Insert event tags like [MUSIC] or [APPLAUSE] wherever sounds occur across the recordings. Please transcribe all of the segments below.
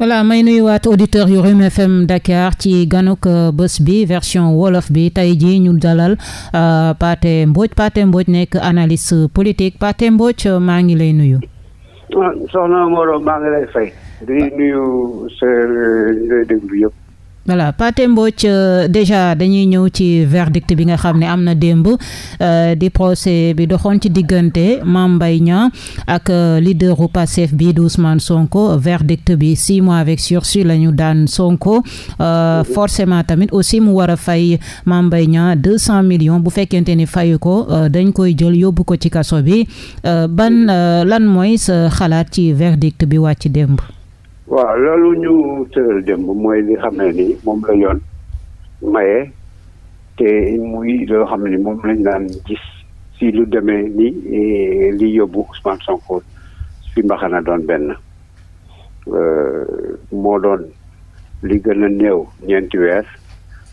voilà may nuyuwaat auditeurs yu Rewmi FM Dakar ci ganuk euh, bés bi version wolof bi tey jii ñu dalal euh, Pathé Mbodj Pathé mbooj nekk analyste politique Pathé mbooj euh, maa ngi lay nuyu. Ah, soxna Moreau maa ngi lay fay. di ah. nuyu sa déglu yëpp. voilà Pathé Mbodj euh, déjà dañuy ñëw ci verdict bi nga xam ne am na démb euh, di procès bi doxoon ci diggante Mame Mbaye Niang ak euh, leaderu Pastef bi di Ousmane Sonko verdict bi six mois avec sursis lañu daan Sonko forcément tamit aussi mu war a fay Mame Mbaye deux cent millions bu fekkente ni fayu ko dañ koy jël yóbbu ko ci kaso bi ban lan mooy sa xalaat ci verdict bi wàcc démb waaw loolu ñu tëral démb mooy li xam ne ni moom la yoon maye te muy loo xam ni moom lañ naan gis si lu deme ni eh, li yóbbu Ousmane Sonko si mbaxana doon benn euh, moo doon li gën a néew ñeenti weer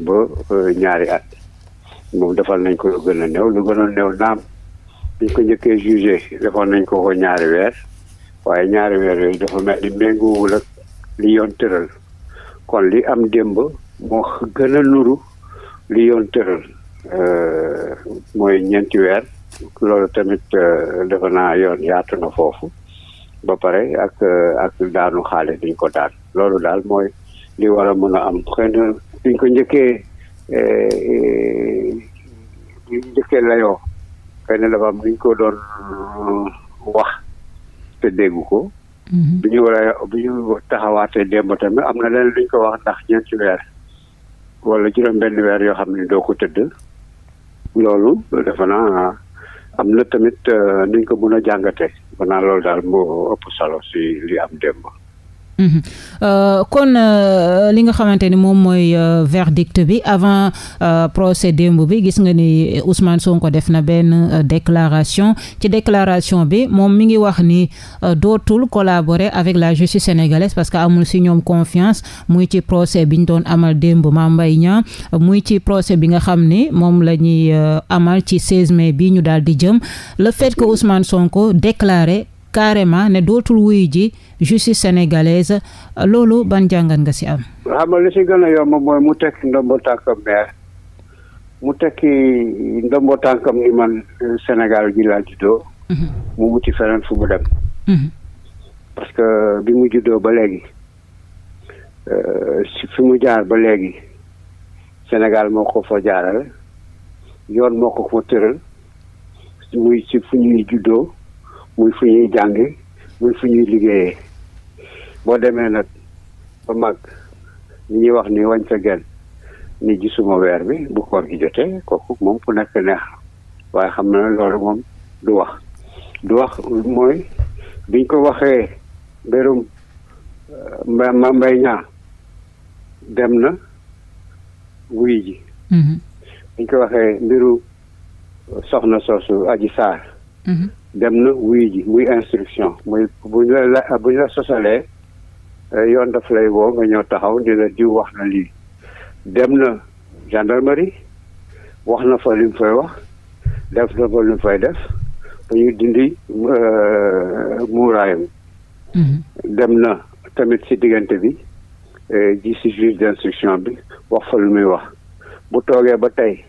ba euh, ñaari at moom defal nañ ko lu gën a néew lu gën a néew naam biñ ko njëkkee jugé defoon nañ ko ko ñaari weer waaye ñaari weer yooyu dafa mel ni méngoowul ak li yoon tëral kon li am démb moo gën a nuru li yoon tëral euh, mooy ñeenti weer loolu tamit euh, defe naa yoon yaatu na foofu ba pare ak euh, ak daanu xaalis diñ ko daan loolu daal mooy li war mën a am xëy na ko njëkkee diñ njëkkee layoo xëy liñ ko doon wax te déggu ko Mm-hmm. bi ñu war a bi ñu taxawaatee démb tamit am na leen lu ñu ko wax ndax ñeenti weer wala juróom benn weer yoo xam ne doo ko tëdd loolu defe naa am na tamit euh, nuñ ko mën a jàngate maanaam loolu daal moo ëpp solo si li am Mhm. Euh, kon euh, li nga xamante ni moom mooy euh, verdict bi avant procès démb bi gis nga ni Ousmane Sonko def na benn déclaration ci déclaration bi moom mu ngi wax ni dootul collaborer avec la justice sénégalaise parce que amul si ñoom confiance muy ci procès bi ñu doon amal démb Mame Mbaye Niang muy ci procès bi nga xam ni moom la ñuy amal ci 16 mai bi ñu daal di jëm le fait que Ousmane Sonko déclaré carément ne dootul wuyu ji justice sénégalaise loolu ban jàngan nga si am. xam nga li gën a yomb mooy mu tekki ndombo tànkam maire mu tekki ndombo tànkam ni man euh, Sénégal gi laa juddoo. Mhm. mu wuti feneen fu mu dem. Mhm. parce que bi mu juddoo ba léegi euh, fi mu jaar ba léegi Sénégal moo ko fa jaarale yoon moo ko fa tëral muy ci ñuy juddoo. muy fu ñuy jàngi muy fu ñuy liggéeyee boo demee nag ba mag li ñuy wax ni wañ sa gel ni gisuma weer bi bu koor gi jotee kooku moom ku nekk neex waaye xam na loolu moom du wax du wax mooy biñ ko waxee mbirum euh, ma mbay dem na wuy ji mm-hmm. ko waxee mbiru soxna soosu aji saar mm-hmm. dem na wuy ji muy instruction muy bu ñu la bu eh, yoon daf lay woo nga ñëw taxaw di la jiw wax na lii dem na gendarmerie wax na fa lim mu fay wax def na fa li fay def ba ñu dindi eh, muuraayam mm-hmm. dem na tamit ci diggante bi eh, ji ci juge d'instruction bi wax fa lu muy wax bu toogee ba tey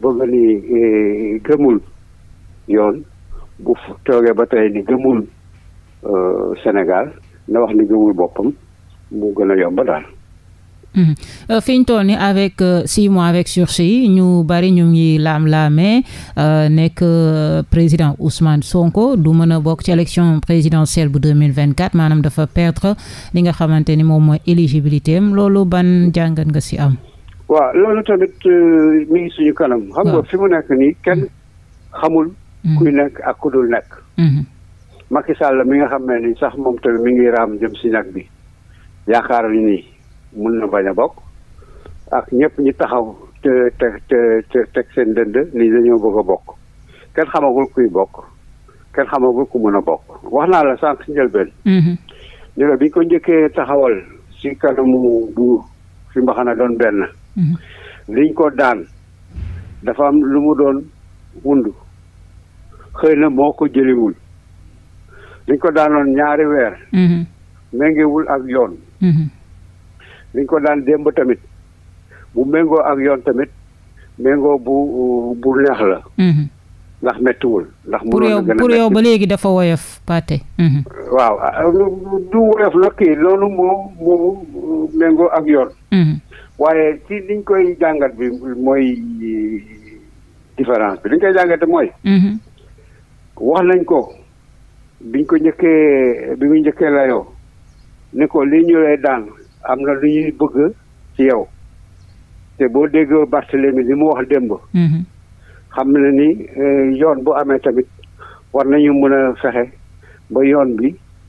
bëgg ni gëmul yoon bu toogee ba tey ni gëmul euh, Sénégal na wax ni gëmul boppam mu gën a yomb daal. Mhm. Euh, fi ñu toll ni avec euh, six mois avec sursis ñu bari ñu ngi laam-laamee nekk président Ousmane Sonko du mën a bokk ci élection présidentielle bu deux mille vingt quatre maanaam dafa perdre li nga xamante ni moom mooy éligibilité am loolu ban jàngat nga si am. waaw loolu tamit mi suñu kanam. xam nga fi mu nekk nii kenn mhm. xamul. Mm-hmm. kuy nekk ak ku dul nekk. Mm-hmm. Macky Sall mi nga xam ne ni sax moom tamit mi ngi raam jëm si nag bi yaakaar ni nii mun na bañ a bokk ak ñëpp ñi taxaw te te te teg seen dënd ni dañoo bëgg a bokk kenn xamagul kuy bokk kenn xamagul ku mun a bokk wax naa la sànq si njëlbeen. Mm-hmm. ñu ne bi ko njëkkee taxawal si kanamu buur fi mbaxana doon benn. liñ ko daan dafa am lu mu doon wund. xëy na moo ko jëliwul dañ ko daanoon ñaari weer mhm. méngewul ak yoon dañ mhm. ko daan démb tamit bu méngoo ak yoon tamit méngoo bu bu neex la mhm. ndax mettiwul ndax mënoon na gën waaw ah, du woyof moom méngoo ak yoon waaye ci liñ koy jàngat bi mooy différence bi liñ koy jàngate mooy wax nañ ko biñ ko njëkkee bi mu njëkkee layoo ne ko lii ñu lay daan am na lu ñuy bëgg ci yow te boo déggoo Barthélemy li mu wax démb mhm. xam na ni eh, yoon bu amee tamit war nañu mën a fexe ba yoon bi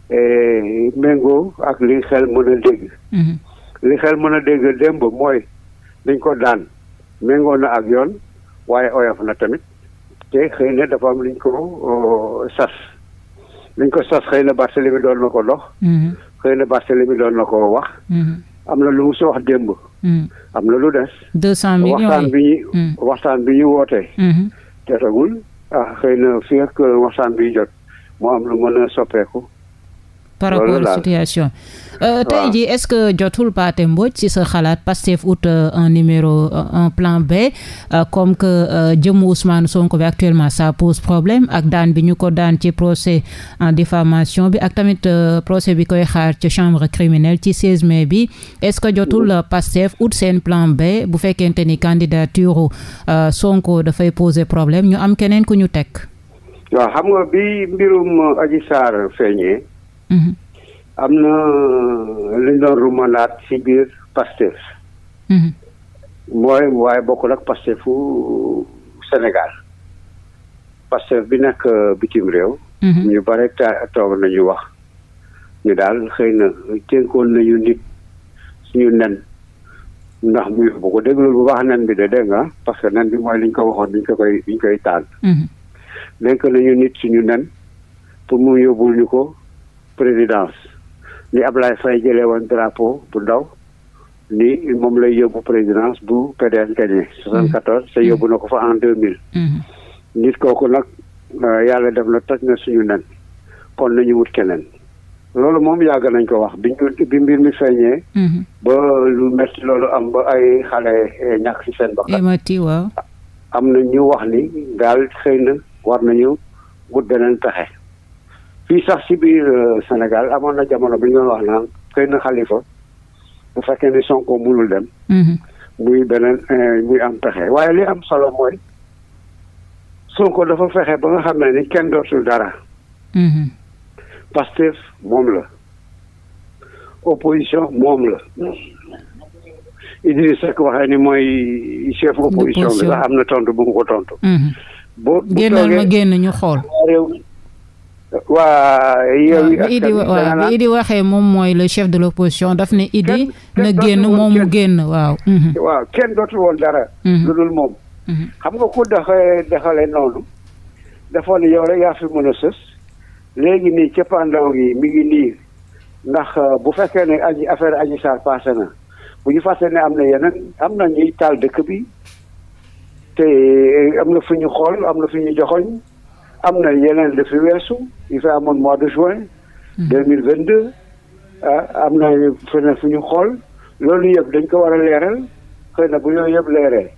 eh, méngoo ak li xel mën a dégg mhm. li xel mën a dégg démb mooy dañ ko daan méngoo na ak yoon waaye oyof na tamit te xëy na dafa am luñ ko sas luñ ko sas xëy na Barthélemy doon na ko dox mhm. xëy na Barthélemy doon na ko wax mhm. am na lu mu si wax démb mhm. am na lu des waxtaan bi ñu waxtaan bi ñu wootee jotagul ah xëy na fii ak waxtaan bi jot moo am lu mën a soppeeku par rapport à situation euh, tey jii est-ce que jotul Pathé Mbodj ci sa xalaat Pastef out euh, un numéro euh, un plan B comme que jëmu Ousmane Sonko bi actuellement ça pose problème ak daan bi ñu ko daan ci procès en diffamation bi ak tamit procès bi koy xaar ci chambre criminelle ci 16 mai bi est-ce que jotul mm-hmm. Pastef out seen plan B bu fekkente ni candidature Sonko dafay poser problème ñu am keneen ku ñu teg Mhm. am na euh, lu doon rumandaat ci biir Pastef. Mhm. mooy waaye bokkul ak Pastefu Sénégal Pastef bi nag euh, bitim réew. Mhm. ñu bare toog nañu wax ñu daal xëy na tënkoon nañu nit suñu nen. ndax mu bu ko déglul bu baax nen bi de dégg nga parce que nen bi mooy liñ ko waxoon liñ ko koy liñ koy taal. nañu nit suñu nen pour mu yóbbul ñu ko présidence ni Ablaye Faye jëlee woon drapeau bu ndaw ni moom lay yóbbu présidence bu PDS gagné. 74 mm-hmm. te yóbbu na ko fa en 2000. Mm-hmm. nit kooku nag euh, yàlla def na toj na suñu nen kon nañu wut keneen. loolu moom yàgg nañ ko wax bi ñu bi mbir mi feeñee. Mm-hmm. ba lu metti loolu am ba ay xale eh, ñàkk ci seen bakkan. émati waaw. am na ñu wax ni daal xëy na war nañu wut beneen pexe. fii sax ci biir euh, Sénégal amoon na jamono bi ñu doon wax naan xëy na Xalifa bu fekkee ni Sonko mënul dem. Mhm. muy beneen euh, muy am pexe waaye li am solo mooy Sonko dafa fexe ba nga xam ne ni kenn dootul dara. Mhm. Pastef moom la. opposition moom la. Idriss Seck waxee ni mooy chef opposition bi sax am na tontu bu ko tontu. Mhm. boo génnal ma génn ñu xool. waa yow Idi waaw bi Idi waxee moom mooy le chef de l' opposition daf ne Idi na génn moom mu génn waaw mhm. waaw kenn dootul woon dara mhm. lu dul moom mhm. xam nga ko doxee doxale noonu dafa ne yow rek yaa fi mën a sës léegi nii cëppaandaw gi mi ngi nii ndax euh, bu fekkee ne aji affaire aji Sarr passé na bu ñu fàtte ne am na yeneen am na ñuy taal dëkk bi te euh, am na fu ñu xool am na fu ñu joxoñ am na yeneen lu fi weesu yu fi amoon mois de juin. Mhm. deux mille vingt deux ah, am na feneen fu ñu xool loolu yëpp dañ ko war a leeral xëy na bu yooyu yëpp leeree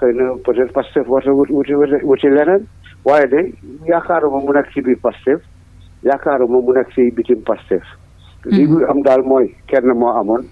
xëy na peut-être Pastef war na wuti wuti leneen waaye de yaakaaruma mu nekk ci biir Pastef yaakaaruma mu nekk ci bitim Pastef. Mhm. li muy am daal mooy kenn moo amoon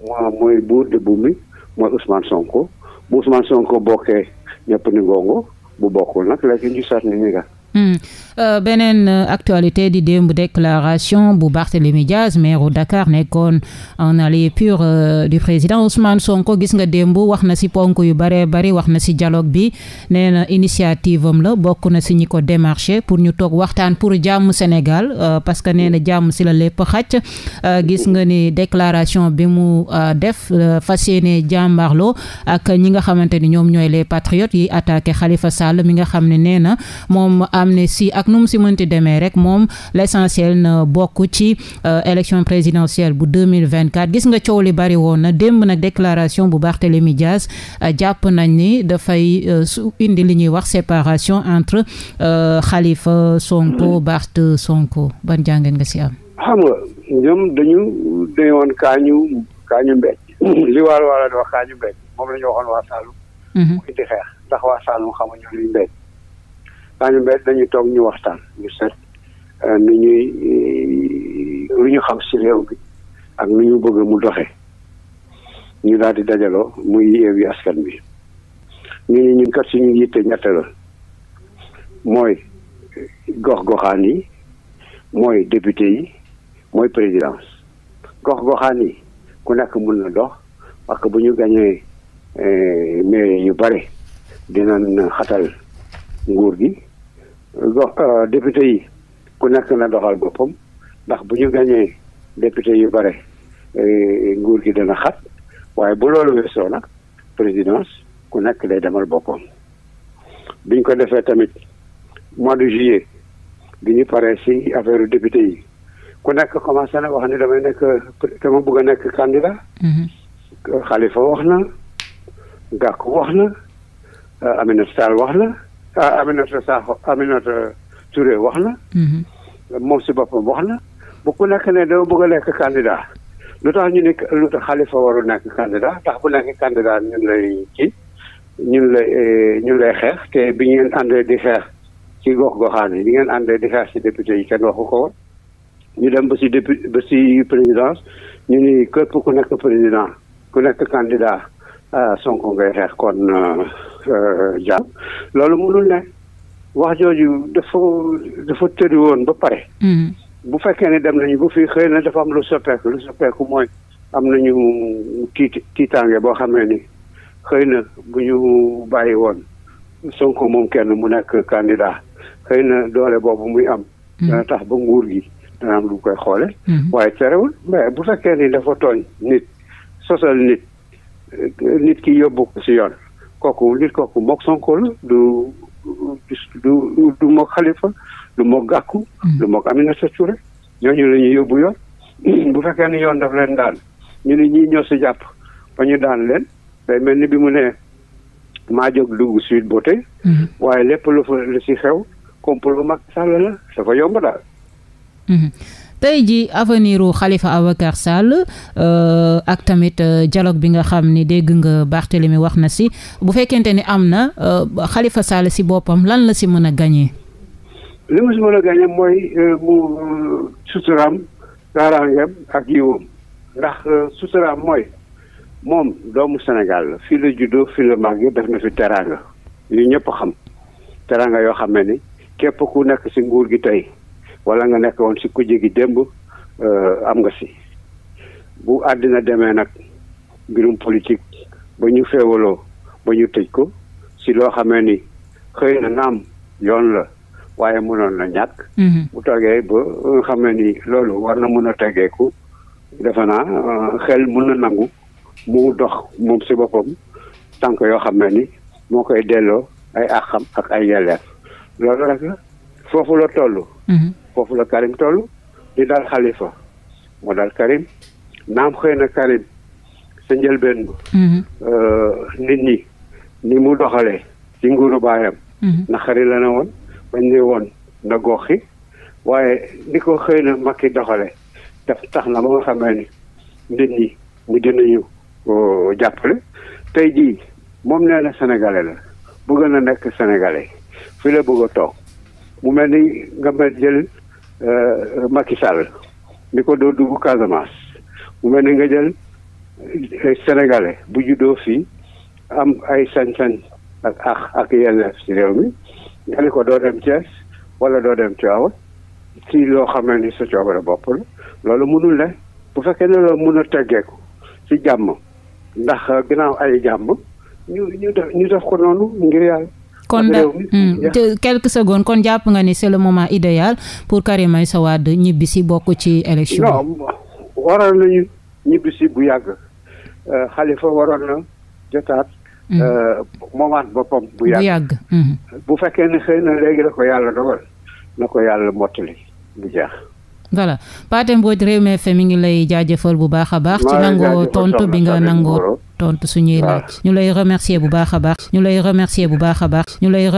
moo mooy buur de buum mi mooy Ousmane Sonko bu Ousmane Sonko bokkee ñëpp ni ngongo bu bokkul nag léegi ñu sànni ñi nga. Mmh. Euh, beneen euh, actualité di démb déclaration bu Barthélémy Diaz maire u Dakar nekkoon en allié pur euh, du président Ousmane Sonko gis nga démb wax na ci ponk yu bare bari wax na ci dialogue bi nee na initiative am la bokk na ci ñi ko démarché pour ñu toog waxtaan pour jàmm Sénégal euh, parce que nee na jàmm ci la lépp xàcc euh, gis nga ni déclaration bi mu def fas yéene jàmbaarloo ak ñi nga xamante ni ñoom ñooy les patriotes yi attaqué xalifa Sall mi nga xam ne nee na moom amnistie ak nu mu si mënti demee rek moom l'essentiel na bokk ci euh, élection présidentielle bu 2024 gis nga coow li bari woon na démb nag déclaration bu Barthélémy Dias euh, jàpp nañ ni dafay euh, su indi li ñuy wax séparation entre Khalifa Sonko Barth Sonko ban jàngeen nga si am xam nga ñoom dañu dañu woon kaañu kaañu mbéj li waalo waalo di wax kaañu mbéj moom la waxoon waa mhm. mu indi xeex ndax waa Saloum xamuñu luy mbéj daañu bees dañuy toog ñu waxtaan ñu seet euh, nu ñuy euh, lu ñu xam ci réew bi ak nu ñu bëgg mu doxe ñu daal di dajaloo muy Yewwi Askan bi ñu ñu ñun kat suñu yitte ñett la mooy gox-goxaan yi mooy député yi mooy présidence gox-goxaan yi ku nekk mun na dox parce que bu ñu gañee euh, maire yu bare dinañ xatal nguur gi gox euh, député yi ku nekk na doxal boppam ndax bu ñu gañee député yu bare euh, nguur gi dana xat waaye bu loolu weesoo nag présidence ku nekk day demal boppam biñ ko defee tamit mois de juillet bi ñu paree ci affaire député yi ku nekk commencé na wax ni damay nekk dama bëgg a nekk candidat Khalifa mhm. wax na Gakou wax na euh, Aminata Tall wax na Ah, Aminata Sakho Aminata Touré wax na. Mhm. moom si boppam wax na. bu ku nekk ne dama bëgg a nekk candidat lu tax ñu ne lu tax Khalifa warul nekk candidat ndax bu nekk candidat ñu lay ñu ñun lay ñun eh, xeex te bi ngeen àndee di xeex ci gox-goxaan yi bi ngeen àndee di xeex ci député yi kenn waxu ko woon ñu dem ba si député ba si présidence ñu ni képp ku nekk président ku nekk candidat Euh, Sonko ngay xeex kon euh, euh, jàmm loolu mënul ne wax jooju dafa dafa tëri woon ba pare. Mm-hmm. bu fekkee ne dem nañu bu fii xëy na dafa am lu soppeeku lu soppeeku mooy am nañu tiit tiitaange boo xamee ni xëy na bu ñu bàyyi woon Sonko moom kenn mu nekk candidat xëy na doole boobu muy am. Mm-hmm. dana tax ba nguur gi dana am koy xoole mm-hmm. waaye terewul mais bu fekkee ni dafa tooñ nit sosal nit. nit ki yóbbu si yoon kooku nit kooku mook Sonko la du du du mook Khalifa du mook Gakou hmm. du mook Aminata Touré ñooñu la ñuy yóbbu yoon [CLEARS THROAT] bu fekkee ne yoon daf leen daan ñu ni ñii ñoo si jàpp ba ñu daan leen day mel ni bi mu ne maa jóg dugg Sweet Beauté hmm. waaye lépp lu fa lu si xew complot Macky Sall la dafa yomb daal hmm. tey ji avenir u Khalifa Ababacar Sall euh, ak tamit euh, dialogue bi nga xam ni dégg nga mi wax na si bu fekkente ni am na xalifa euh, Sall si boppam lan la si mën a gañee li mu si mën a gañee mooy euh, mu suturaam kaaraangeem ak yiwam ndax suturaam mooy moom doomu Sénégal la fii la juddoo fii la màggee def na fi teraanga ñu ñëpp xam teraanga yoo xam ne ni képp ku nekk ci nguur gi tey wala nga nekk woon si kujje gi démb euh, am nga si bu àddina demee nag mbirum politique ba ñu féewaloo ba ñu tëj ko si loo xamee ni xëy na naam yoon la waaye mënoon na ñàkk mhm. bu toogee ba xamee ni loolu war na mën a tegeeku defe naa euh, xel mën na nangu mu dox moom si boppam tànk yoo xamee ni moo koy delloo ay àqam ak ay yelleef loolu rek la foofu la toll mhm. foofu la Karim toll di daal Khalifa moo daal Karim naam xëy na Karim sa njëlbeen ba mhm. euh, nit ñi ni mu doxalee ci nguuru baayam mhm. naqari la ne woon bañ ne woon na goxi waaye ni ko xëy na Macky doxale daf tax na ba nga xamee ni nit ñi mu dinañu euh, jàppale tey jii moom nee na sénégalais la bëgg na nekk sénégalais fi la bëgg a toog mu mel ni nga mel jël Euh, makisal Sall ni ko doo dugg Casamance bu mel ni nga jël euh, sénégalais bu juddoo fii am ay sañ-sañ ak ak ak yelleef ci réew mi nga ni ko doo dem Thiès wala doo dem Tivaouane ci loo xamee ni sa coobare bopp loolu mënul ne bu fekkee ne loolu mun a teggeeku ci jàmm ndax euh, ginnaaw ay jàmm ñu ñu def ñu def ko noonu ngir yàlla kon da hmm. quelques secondes kon jàpp nga ni c'est le moment idéal pour Karim Meïssa Wade ñibbi si bokk ci élection non waroon nañu ñibbi bu yàgg xalifa euh, waroon na jotaat hmm. euh, moomaat boppam bu yàgg hmm. bu fekkee ne xëy na léegi la ko yàlla dogal na ko yàlla mottali bu jeex voilà Pathé Mbodj Rewmi FM mi ngi lay jaajëfal bu baax a baax ci nangoo tontu bi nga nangoo tontu suñuy laaj ñu lay remercier bu baax a baax ñu lay remercier bu baax a